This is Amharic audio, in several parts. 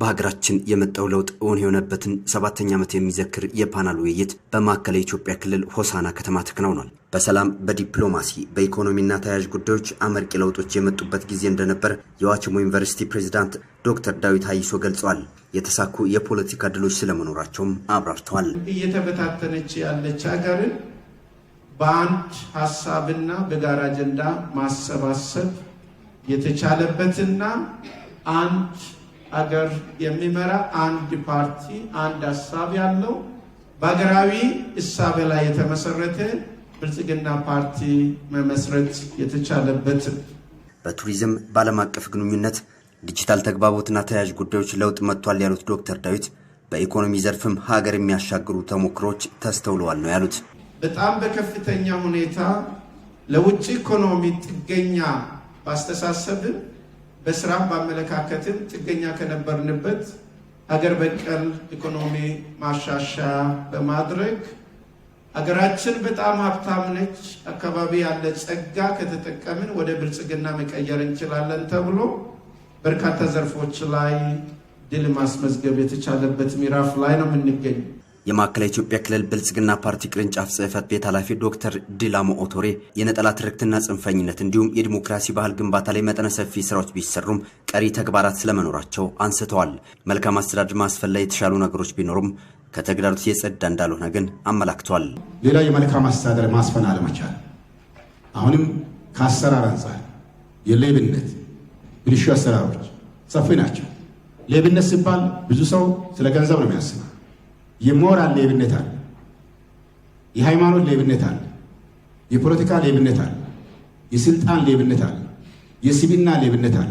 በሀገራችን የመጣው ለውጥ እውን የሆነበትን ሰባተኛ ዓመት የሚዘክር የፓናል ውይይት በማዕከላዊ ኢትዮጵያ ክልል ሆሳና ከተማ ተከናውኗል። በሰላም፣ በዲፕሎማሲ፣ በኢኮኖሚና ተያያዥ ጉዳዮች አመርቂ ለውጦች የመጡበት ጊዜ እንደነበር የዋቸሞ ዩኒቨርሲቲ ፕሬዚዳንት ዶክተር ዳዊት ሀይሶ ገልጸዋል። የተሳኩ የፖለቲካ ድሎች ስለመኖራቸውም አብራርተዋል። እየተበታተነች ያለች ሀገርን በአንድ ሀሳብና በጋራ አጀንዳ ማሰባሰብ የተቻለበትና አንድ አገር የሚመራ አንድ ፓርቲ አንድ ሀሳብ ያለው በሀገራዊ እሳቤ ላይ የተመሰረተ ብልጽግና ፓርቲ መመስረት የተቻለበት በቱሪዝም በዓለም አቀፍ ግንኙነት ዲጂታል ተግባቦትና ተያያዥ ጉዳዮች ለውጥ መጥቷል ያሉት ዶክተር ዳዊት በኢኮኖሚ ዘርፍም ሀገር የሚያሻግሩ ተሞክሮች ተስተውለዋል ነው ያሉት። በጣም በከፍተኛ ሁኔታ ለውጭ ኢኮኖሚ ጥገኛ ባስተሳሰብን በስራም በአመለካከትም ጥገኛ ከነበርንበት ሀገር በቀል ኢኮኖሚ ማሻሻያ በማድረግ ሀገራችን በጣም ሀብታም ነች፣ አካባቢ ያለ ጸጋ ከተጠቀምን ወደ ብልጽግና መቀየር እንችላለን ተብሎ በርካታ ዘርፎች ላይ ድል ማስመዝገብ የተቻለበት ምዕራፍ ላይ ነው የምንገኘው። የማዕከላዊ ኢትዮጵያ ክልል ብልጽግና ፓርቲ ቅርንጫፍ ጽህፈት ቤት ኃላፊ ዶክተር ዲላሞ ኦቶሬ የነጠላ ትርክትና ጽንፈኝነት እንዲሁም የዲሞክራሲ ባህል ግንባታ ላይ መጠነ ሰፊ ስራዎች ቢሰሩም ቀሪ ተግባራት ስለመኖራቸው አንስተዋል። መልካም አስተዳደር ማስፈን ላይ የተሻሉ ነገሮች ቢኖሩም ከተግዳሮት የጸዳ እንዳልሆነ ግን አመላክቷል። ሌላ የመልካም አስተዳደር ማስፈን አለመቻል አሁንም ከአሰራር አንጻር የሌብነት ብልሹ አሰራሮች ሰፊ ናቸው። ሌብነት ሲባል ብዙ ሰው ስለ ገንዘብ ነው የሚያስበው። የሞራል ሌብነት አለ፣ የሃይማኖት ሌብነት አለ፣ የፖለቲካ ሌብነት አለ፣ የስልጣን ሌብነት አለ፣ የስብና ሌብነት አለ፣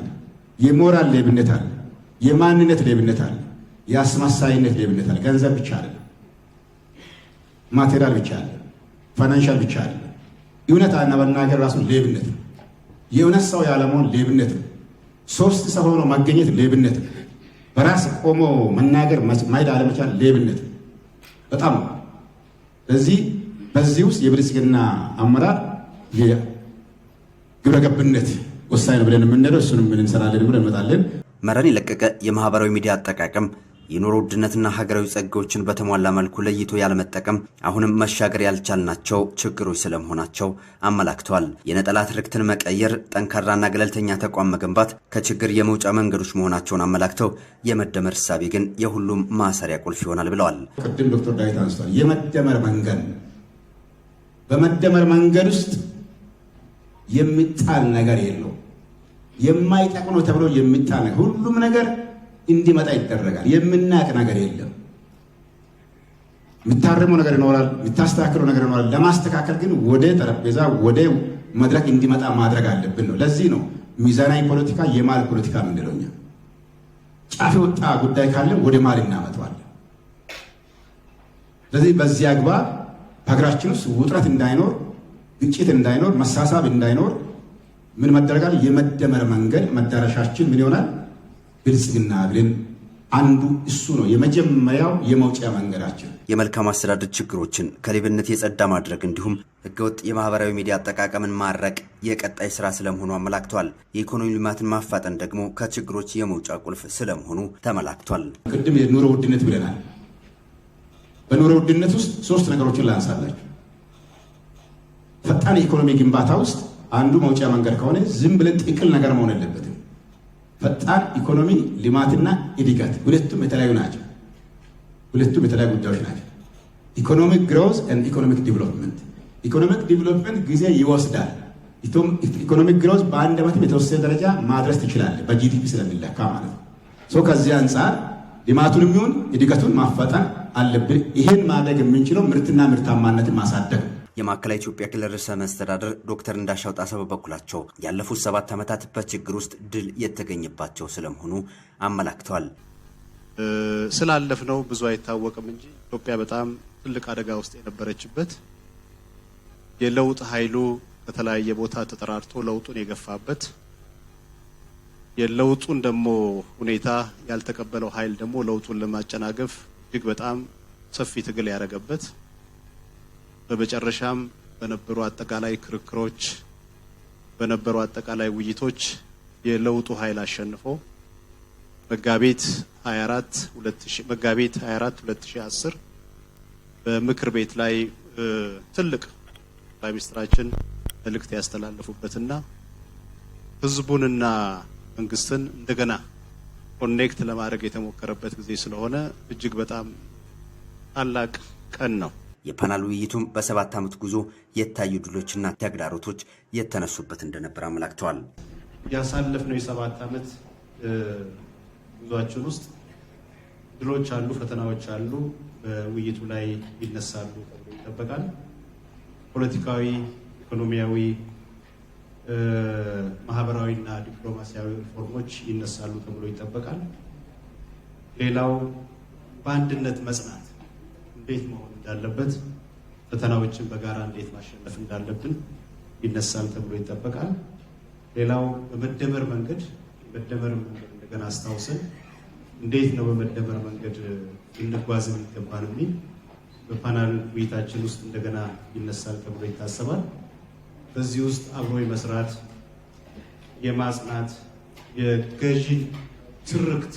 የሞራል ሌብነት አለ፣ የማንነት ሌብነት አለ፣ የአስመሳይነት ሌብነት አለ። ገንዘብ ብቻ አለ፣ ማቴሪያል ብቻ አለ፣ ፋይናንሻል ብቻ አለ። እውነት መናገር ራሱ ሌብነት ነው። የእውነት ሰው ያለመሆን ሌብነት ነው። ሶስት ሰው ሆኖ መገኘት ሌብነት ነው። በራስ ቆሞ መናገር ማይድ አለመቻል ሌብነት ነው። በጣም ነው። በዚህ ውስጥ የብልጽግና አመራር ግብረ ገብነት ወሳኝ ነው ብለን የምንለው እሱንም እንሰራለን ብለን እንመጣለን። መረን የለቀቀ የማህበራዊ ሚዲያ አጠቃቀም የኑሮ ውድነትና ሀገራዊ ጸጋዎችን በተሟላ መልኩ ለይቶ ያለመጠቀም አሁንም መሻገር ያልቻልናቸው ችግሮች ስለመሆናቸው አመላክተዋል። የነጠላ ትርክትን መቀየር፣ ጠንካራና ገለልተኛ ተቋም መገንባት ከችግር የመውጫ መንገዶች መሆናቸውን አመላክተው የመደመር እሳቤ ግን የሁሉም ማሰሪያ ቁልፍ ይሆናል ብለዋል። ቅድም ዶክተር ዳዊት አንስቷል። የመደመር መንገድ በመደመር መንገድ ውስጥ የሚጣል ነገር የለው። የማይጠቅም ነው ተብሎ የሚጣል ሁሉም ነገር እንዲመጣ ይደረጋል። የምናቅ ነገር የለም። የምታርመው ነገር ይኖራል፣ የምታስተካክለው ነገር ይኖራል። ለማስተካከል ግን ወደ ጠረጴዛ ወደ መድረክ እንዲመጣ ማድረግ አለብን ነው። ለዚህ ነው ሚዛናዊ ፖለቲካ የማል ፖለቲካ የምንለው እኛ። ጫፍ የወጣ ጉዳይ ካለ ወደ ማል እናመጣዋለን። ስለዚህ በዚህ አግባብ በሀገራችን ውስጥ ውጥረት እንዳይኖር፣ ግጭት እንዳይኖር፣ መሳሳብ እንዳይኖር ምን መደረጋል? የመደመር መንገድ መዳረሻችን ምን ይሆናል? ብልጽግና ብለን አንዱ እሱ ነው። የመጀመሪያው የመውጫ መንገዳችን የመልካም አስተዳደር ችግሮችን ከሌብነት የጸዳ ማድረግ እንዲሁም ህገወጥ የማህበራዊ ሚዲያ አጠቃቀምን ማድረቅ የቀጣይ ስራ ስለመሆኑ አመላክቷል። የኢኮኖሚ ልማትን ማፋጠን ደግሞ ከችግሮች የመውጫ ቁልፍ ስለመሆኑ ተመላክቷል። ቅድም የኑሮ ውድነት ብለናል። በኑሮ ውድነት ውስጥ ሶስት ነገሮችን ላንሳላችሁ። ፈጣን የኢኮኖሚ ግንባታ ውስጥ አንዱ መውጫ መንገድ ከሆነ ዝም ብለን ጥቅል ነገር መሆን የለበትም። ፈጣን ኢኮኖሚ ልማትና እድገት ሁለቱም የተለያዩ ናቸው። ሁለቱም የተለያዩ ጉዳዮች ናቸው። ኢኮኖሚክ ግሮዝ ኤንድ ኢኮኖሚክ ዲቨሎፕመንት። ኢኮኖሚክ ዲቨሎፕመንት ጊዜ ይወስዳል። ኢኮኖሚክ ግሮዝ በአንድ ዓመትም የተወሰነ ደረጃ ማድረስ ትችላለ፣ በጂዲፒ ስለሚለካ ማለት ነው። ሰው ከዚህ አንጻር ልማቱንም ይሁን እድገቱን ማፋጠን አለብን። ይህን ማድረግ የምንችለው ምርትና ምርታማነትን ማሳደግ ነው። የማዕከላዊ ኢትዮጵያ ክልል ርዕሰ መስተዳደር ዶክተር እንዳሻው ጣሰው በበኩላቸው ያለፉት ሰባት ዓመታት በችግር ውስጥ ድል የተገኘባቸው ስለመሆኑ አመላክተዋል። ስላለፍነው ብዙ አይታወቅም እንጂ ኢትዮጵያ በጣም ትልቅ አደጋ ውስጥ የነበረችበት የለውጥ ኃይሉ ከተለያየ ቦታ ተጠራርቶ ለውጡን የገፋበት የለውጡን ደግሞ ሁኔታ ያልተቀበለው ኃይል ደግሞ ለውጡን ለማጨናገፍ እጅግ በጣም ሰፊ ትግል ያደረገበት በመጨረሻም በነበሩ አጠቃላይ ክርክሮች በነበሩ አጠቃላይ ውይይቶች የለውጡ ኃይል አሸንፎ መጋቢት 24 2000 መጋቢት 24 2010 በምክር ቤት ላይ ትልቅ ጠቅላይ ሚኒስትራችን መልእክት ያስተላለፉበትና ህዝቡንና መንግስትን እንደገና ኮኔክት ለማድረግ የተሞከረበት ጊዜ ስለሆነ እጅግ በጣም ታላቅ ቀን ነው። የፓናል ውይይቱም በሰባት ዓመት ጉዞ የታዩ ድሎችና ተግዳሮቶች የተነሱበት እንደነበር አመላክተዋል። ያሳለፍነው የሰባት ዓመት ጉዟችን ውስጥ ድሎች አሉ፣ ፈተናዎች አሉ፣ በውይይቱ ላይ ይነሳሉ ተብሎ ይጠበቃል። ፖለቲካዊ፣ ኢኮኖሚያዊ፣ ማህበራዊና ዲፕሎማሲያዊ ሪፎርሞች ይነሳሉ ተብሎ ይጠበቃል። ሌላው በአንድነት መጽናት እንዴት መሆን እንዳለበት፣ ፈተናዎችን በጋራ እንዴት ማሸነፍ እንዳለብን ይነሳል ተብሎ ይጠበቃል። ሌላው በመደመር መንገድ የመደመር መንገድ እንደገና አስታውሰን እንዴት ነው በመደመር መንገድ ልንጓዝ የሚገባን የሚል በፓናል ውይይታችን ውስጥ እንደገና ይነሳል ተብሎ ይታሰባል። በዚህ ውስጥ አብሮ የመስራት የማጽናት የገዢ ትርክት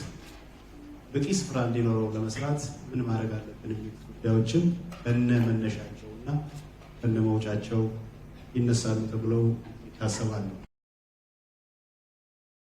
በቂ ስፍራ እንዲኖረው ለመስራት ምን ማድረግ አለብን የሚሉት ጉዳዮችም በነ መነሻቸው እና በነ መውጫቸው ይነሳሉ ተብለው ይታሰባሉ።